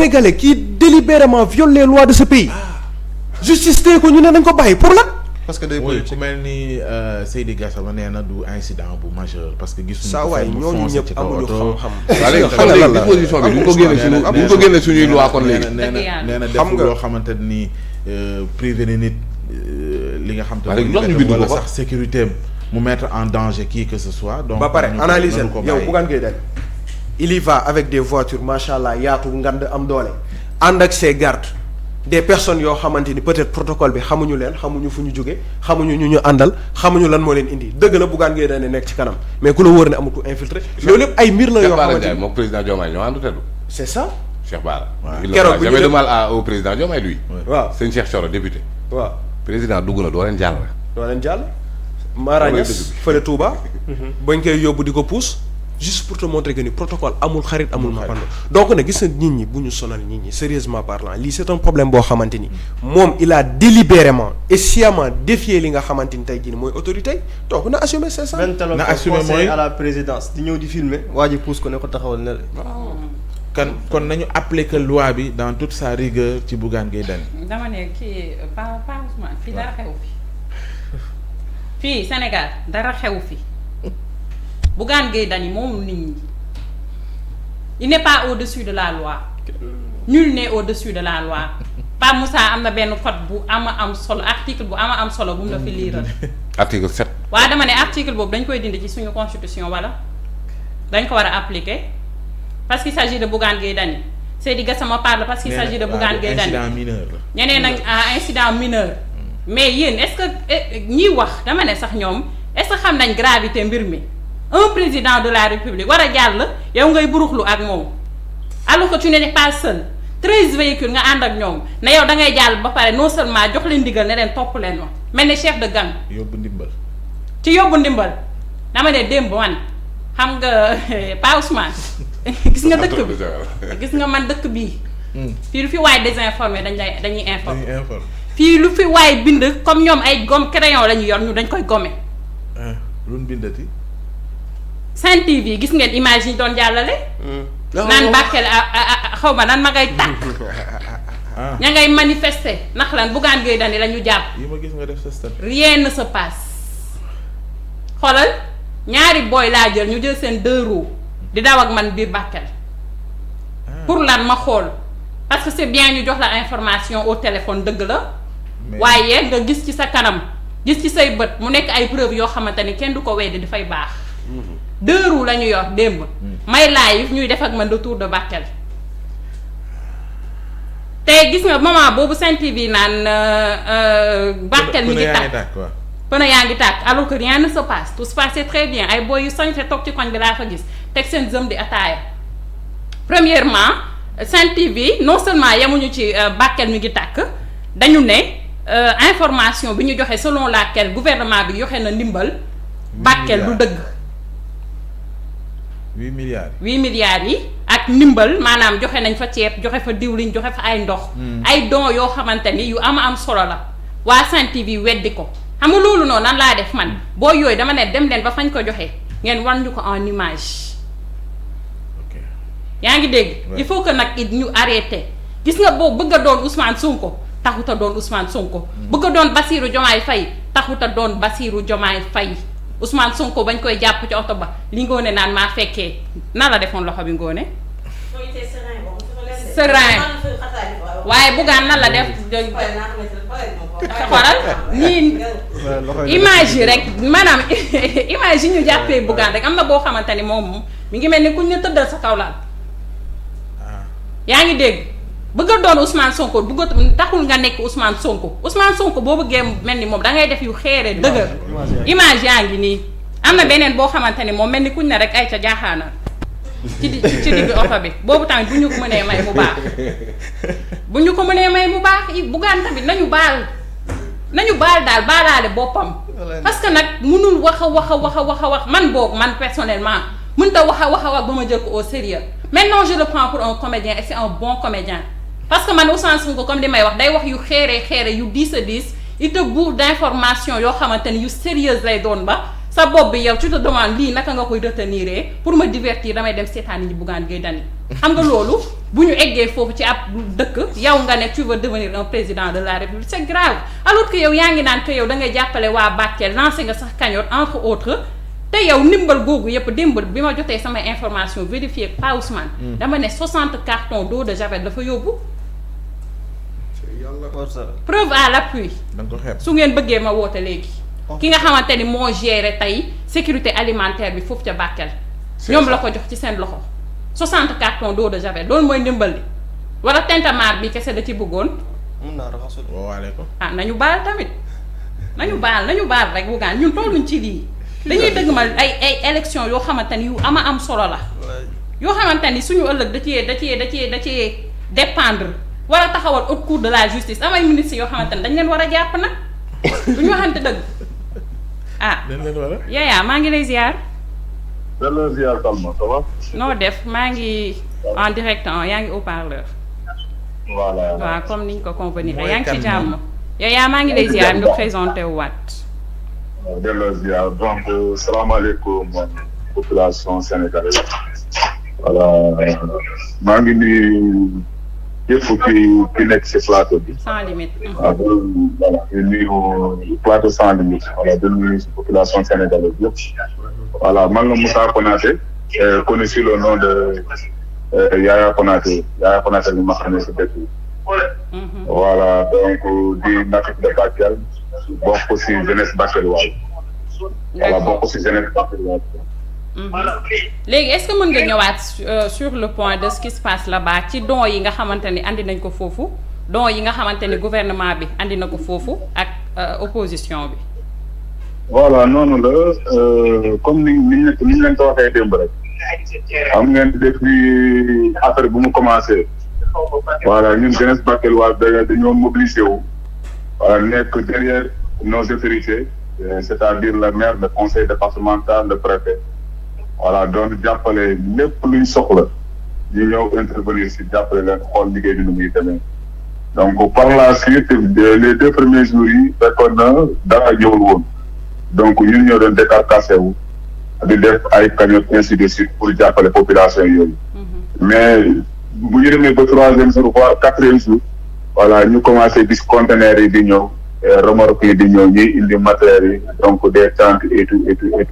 sénégalais qui délibérément viole les lois de ce pays ah. justice tey ko ñu ne nañ ko bàyyi pour lan. parce que day ku mel ni euh, Seydi Gassama nee na du incident bu majeur parce que gis saa waay ñooñu ñëpp amuñu xam-xam. xam nga disposition bi duñ ko génne suñu duñ ko génne suñuy loi kon léegi. nee loo xamante nii euh, privé na nit euh, li nga xam te ne. wala sax sécurité mu mettre en danger qui que ce soit. donc ba pare analyser yow bugaan ngay def. iliva y va avec des voitures macha allah yaatu ngand am doole ànd ak ses gardes des personne yoo xamante ni peut-être protocole bi xamuñu leen xamuñu fu ñu jóge xamuñu ñu ñu àndal xamuñu lan moo leen indi dëgg la buggaan ngay daan nekk ci kanam mais ku la wóor ne amul ku infiltré. loolu yëpp ay mbir la yoo xamante ni moom président Diomaye ñoo ànd teddu. c'est ça. Cheikh Bara. keroog bu ñu jamais de mal à au député. waaw président dugg na doo leen jàll. doo leen jàll. Mara Niass fële Touba. bañ koy yóbbu di ko puus juste pour te montrer que ni protocole amul xarit amul mapando donc nag gis na nit ñi bu ñu sonal nit ñi sérieusement parlant lii c'est un problème boo xamante ni moom il a délibérément et sciemment défié li nga xamante ni tey jii mooy autorité donc na assumer c'est ça na assumer mooy à la présidence di ñëw di filmer waa ji pousse ko ne ko taxawal ne la kan kon nañu appliquer loi bi dans toute sa rigueur ci Bougane Gueye Dany dama ne kii pa pa Ousmane fii dara xew fii Bougane Gueye Dany moomul nit ñi il n'est pas au de la loi ñu ne au-dessus de la loi Pape Moussa am na benn code bu ama am solo article bu ama am solo bu mu la fi liiral article sept waa dama ne article boobu dañ koy dindi ci suñu constitution wala dañ ko war a appliquer parce qu'il s'agit de Bougane Gueye Dany Seydi Gassama parle parce qu'il s'agit de Bougane Gueye Dany incident mineur la ñeneen nag incident mineur mm. mais yéen est-ce que eh, ñiy wax dama ne sax ñoom est-ce que xam nañ gravité mbir mi en président de la république war a jàll yow ngay buruxlu ak moom alors que tu n'es pas seul treize véhicules nga ànd ak ñoom ne yow da ngay jàll ba pare non seulement jox leen ndigal ne leen topp leen ma mel ni chef de gang. yóbbu ndimbal. ci yóbbu ndimbal dama ne démb man xam nga Pa Ousmane gis nga dëkk bi gis nga man dëkk bi hmm. fii lu fi waay désinformé dañ lay dañuy informé. fii lu fi waay bind comme ñoom ay gomme crayon la ñu yor ñu dañ koy gomme. Eh, lu Sen TV gis ngeen image yi doon jàllale. Hmm. naan oh. Bakel xaw ma nan ma ngay tàkk. Ah. ña ngay manifester ndax lan Bougane Gueye Dany lañu jàpp. yi ma def sa rien ne se passe. xoolal ñaari booy laa jël ñu jël seen deux roues di daw ak man biir Bakel. Ah. pour lan ma xool parce que c'est bien ñu jox la information au téléphone dëgg la. waaye nga gis ci sa kanam gis ci say bët mu nekk ay preuves yoo xamante ni kenn du ko weddi dafay baax. Hmm. deux roues la ñu yor démb. Hmm. may live ñuy def ak man de tour de Bakel. te gis nga moment boobu Sen TV naan euh, euh, Bakel mi ngi tàkk pëna yaa ngi tàkk alors que rien ne se passe tout se très bien ay boy yu sañte toog ci koñ bi laa fa gis teg seen zëm di ataaya premièrement Sen TV non seulement yemuñu ci euh, Bakel mi ngi tàkk dañu ne information bi ñu joxe selon laquelle gouvernement bi yoxe na ndimbal Bakel du dëgg huit milliards huit milliards yi ak ndimbal maanaam joxe nañ fa ceeb joxe fa diwlin joxe fa ay ndox. Hmm. ay dons yoo xamante ni yu am am solo la waa Sen TV weddi ko xam nga loolu noonu nan laa def man hmm. boo yooyu dama ne dem leen ba fañ ko joxe ngeen wan ñu ko en nimage yaa ngi dégg il faut que nag it ñu arrêté gis nga boo bëgg a doon Ousmane Sonko taxut a doon Ousmane Sonko. Hmm. bëgg a doon Bassirou Diomaye fay taxut a doon Bassirou Diomaye Faye. Ousmane Sonko bañ koy jàpp ci oto ba li ngoone naan maa fekkee nan la defoon loxo bi ngoone. serein waaye buggaan nan la def. xoolal nii image yi rek maanaam image yi ñu jàppee buggaan rek am na boo xamante ni moom mu ngi mel ni kuñ ne tëddal sa kaw laal ah. yaa ngi dégg. bëgga a doon Ousmane Sonko bëgg a nga nekk Ousmane Sonko Ousmane Sonko boo bëggee mel ni moom dangay def yu xeere dëgër image yaa nii am na beneen boo xamante ni moom mel ni kuñ ne rek ay ca jaaxaana ci di ci digg oto bi boobu tamit bu ñu ko mënee may bu baax bu ñu ko mënee may bu baax Bougane tamit nañu baal nañu baal daal baalaale boppam parce que nag mënul wax a wax a wax a wax a wax man boog man personnellement mënut a wax a wax a wax ba ma jël ko au sérieux maintenant je le prends pour un comédien et c'est parce que man Ousmane Sonko comme li may wax day wax yu xeeree xeere yu diis a diis il te bourre d'information yoo xamante ni yu sérieuse lay doon ba sa bopp bi yow tu te demandes lii naka nga koy retenir pour ma divertir damay dem seetaan yi Bougane Gueye Dany xam nga loolu bu ñu eggee foofu ci ab dëkk yow nga ne tu veux devenir un président de la république c'est grave alors que yow yaa ngi naan que yow da ngay jàppale waa Bakel lancé nga sax cagnotte entre autres te yow ndimbal googu yëpp démbal bi ma jotee sama information vérifiée pa Ousmane hmm. dama ne 60 cartons d'eau de javel dafa yóbbu preuve à l'appui su ngeen bëggee ma woote léegi ki nga xamante ni moo géré tey sécurité alimentaire bi foofu ca Bakel ñoom la ko jox ci seen loxo 60 cartons d'eau de javel loolu mooy ndimbal li wala tintamarre bi kese da ci bëggoon mun naa raxasul woowaale ko ah nañu baal tamit nañu baal nañu baal rek bugaan ñun tolluñ ci lii dañuy dëgg ma ay ay élection yoo xamante ni yu ama am solo la yoo xamante ni suñu ëllëg da cee da cee da cee da cee dépendre war a taxawal haute cour de la justice amay ministres yoo xamante ne dañ leen war a jàpp nag du ñu waxante dëgg ah. dañ maa ngi lay ziar. delloo ziar Salma noo def maa ngi en direct yaa ngi au parleur. voilà comme niñ ko convenir yaa ngi ci jàmm. yaayaa maa ngi lay ziar ñu présenté waat. delloo ziar donc salaamaaleykum population sénégalaise. maa ngi nuyu. képp kuy ki nekk si plateau bi. sans limite. waaw ah, loolu voilà di nuyu plateau sans limite voilà di nuyu population sénégalaise yëpp. voilà man la Moussa Konaté euh, de euh, Yaya Konaté Yaya Konaté bi ma xam ne si dëkk bi. Mhm. voilà donc di natif de Bakel bokk si jeunesse bakelwaale. voilà bokk si jeunesse bakelwaale. Mhm. léegi est-ce mën nga ñëwaat euh, sur le point de ce qui se passe là ci dons yi nga xamante ni andi nañ ko foofu dons yi nga xamante ni gouvernement bi andi na ko foofu ak euh, opposition bi. voilà noonu la euh, comme ni ñu ni ñu leen ko waxee démb rek xam ngeen depuis affaire bu mu commencé voilà ñun jeunesse Bakel waa dañoo mobilisé wu voilà nekk derrière nos autorités c'est-à-dire la maire le conseil départemental le préfet. voilà doon jàppale lépp luñ soxla ñu ñëw intervenir si jàppale leen xool liggéey bi nu muy demee donc par la suite les deux premiers jours yi fekkoon na dara ñëwul woon donc ñu ñoo doon décarcassé wu di def ay cagnotte ainsi de suite pour jàppale population yooyu mm-hmm. mais bu ñu demee ba troisième jour voire quatrième jour voilà ñu commencé gis conteneurs yi di ñëw remorque yi di ñëw ñuy indi matériels yi donc des tentes et tout et tout et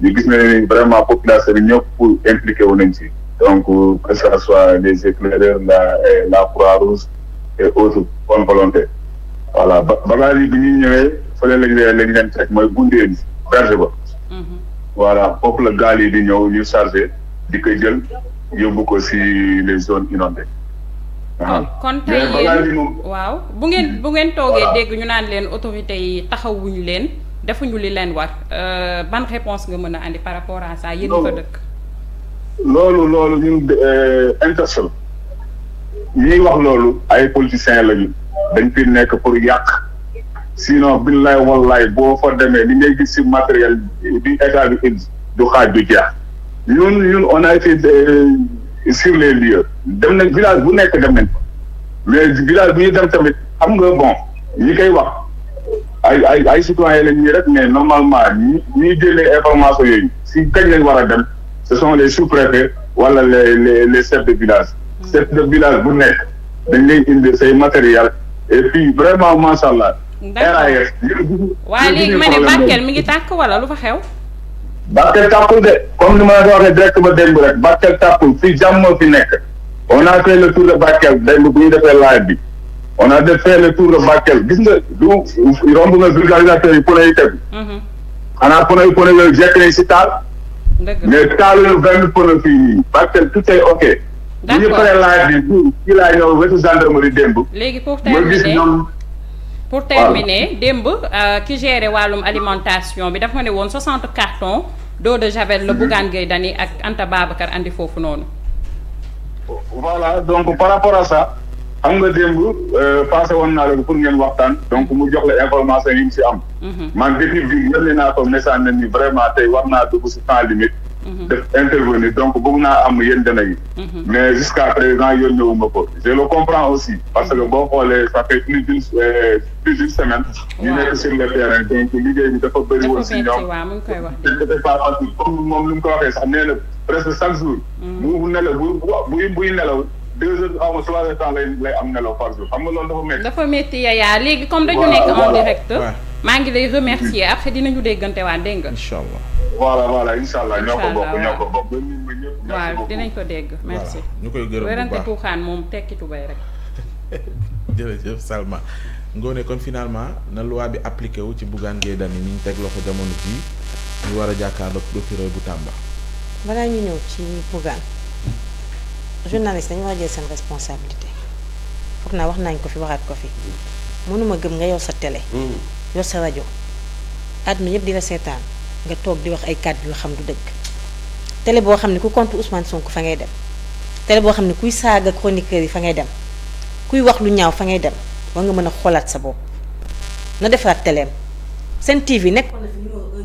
ñu gis ne vraiment population bi ñëpp pour impliqué wu nañ si donc que ça soit les éclaireurs la euh, la Croix-Rouge et autres bonne volonté voilà ba bagages yi bi ñuy ñëwee fële lañ lañ leen teg mooy gundeen si berge ba mhm. voilà foofu la gaal yi di ñëw ñu chargé di koy jël yóbbu ko si les zones inondées ah. kon tey yéen waaw bu ngeen bu ngeen toogee dégg ñu naan leen autorités yi taxawuñu leen defuñu li leen war euh, ban réponse nga mën a andi par rapport à saa yéen fa dëkk loolu loolu ñun euh, intersel ñuy wax loolu ay politiciens lañu dañ fi nekk pour yàq sinon billaay wallaay boo fa demee li ngay gis ci matériel bi état bi du xaaj du jeex ñun ñun on a été euh, sur dem nañ village bu nekk dem nañ fa mais village ñu dem tamit am nga bon ñi koy wax ay ay ay citoyen la ñuy rek mais normalement ñi ñuy génnee information yooyu si kañ lañ war a dem ce son les sous-préfets wala le les les chefs de village. Hmm. chef de village bu nekk dañ lay indi say matériel et puis vraiment macha allah. RAS waaye léegi ma ne Bakel mi ngi tàkk wala lu fa xew. Bakel tàkkul de comme ni ma la ko waxee direct ba démb rek Bakel tàkkul fii jàmm fi nekk on a fait le tour de Bakel démb bu ñu defee live bi. on a def fait le tour de Bakel gis nga du romb nga vulgarisateur yi pneu yi teg. Mhm. xanaa pneu pneu yooyu jekk nañ si taal. mais taaluñu benn pneu fii nii Bakel tout est ok. d' accord bu ñu paree laaj bi pour wetu gendarmerie démb. léegi ma euh, ki géré wàllum alimentation bi dafa ne woon 60 cartons d'eau de javel la Bougane Gueye Dany ak Anta Babacar andi foofu noonu. voilà donc par rapport à ça. xam nga démb euh, passé woon naa leen pour ngeen waxtaan donc mu jox la information yi mu si am. Mhm. man depuis bi yónnee naa ko message na ni vraiment tey war naa dugg si temps limite. Mhm. def intervenir donc bëgg naa am yéen dana yi. Mhm. mais jusqu'à présent yónnee wu ma ko je le comprends aussi parce que boo xoolee ça fait plus d'une euh, plus d'une semaine. ñu nekk sur le terrain donc liggéey bi dafa bëri woon si ñoom. dafa pas comme mu ko waxee sax nee na presque chaque jour. bu bu nelaw bu bu buy deux heures xaw ma trois heures temps lay lay am nelaw par jour xam nga loolu dafa métti. dafa métti yaayaa léegi comme dañu nekk en direct. maa ngi lay remercier après dinañu déggante waa dégg nga. incha allah voilà voilà incha allah ñoo ko ko bokk. waaw dinañ ko dégg merci. ñu koy gërëm bu baax tuuxaan moom tekki tubay rek. jërëjëf Salma Ngone kon finalement na loi bi appliqué wu ci Bougane Gueye Dany mi ñu teg loxo jamono jii ñu war a jàkkaarloog procureur bu Tamba. balaa ñu ñëw ci Bougane. journaliste dañu war a jël seen responsabilité foog naa wax nañ ko fi waxaat ko fi mënuma gëm nga yor sa tele mm. yor sa rajo àdduna yëpp di la seetaan nga toog di wax ay kàddu yoo xam du dëgg télé boo xam ne ku contre Ousmane Sonko fa ngay dem télé boo xam ne kuy saaga chroniqueur yi fa ngay dem kuy wax lu ñaaw fa ngay dem war nga mën a xoolaat sa bopp na defaat teleem seen TV nekkoon